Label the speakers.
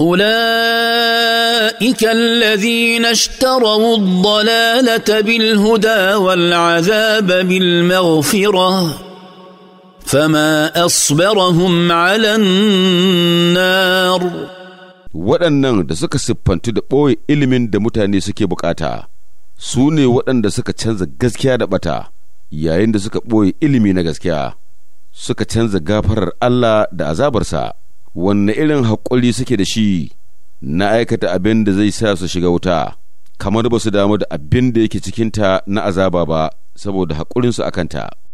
Speaker 1: أولئك الذين اشتروا الضلالة بالهدى والعذاب بالمغفرة فما أصبرهم على النار
Speaker 2: waɗannan da suka siffantu da ɓoye ilimin da mutane suke bukata su ne waɗanda suka canza gaskiya da ɓata yayin da suka ɓoye ilimi na gaskiya suka canza gafarar Allah da azabarsa wanne irin haƙuri suke da shi na aikata abin da zai sa su shiga wuta kamar ba su damu da abin da yake cikinta na azaba ba saboda haƙurinsu a kanta.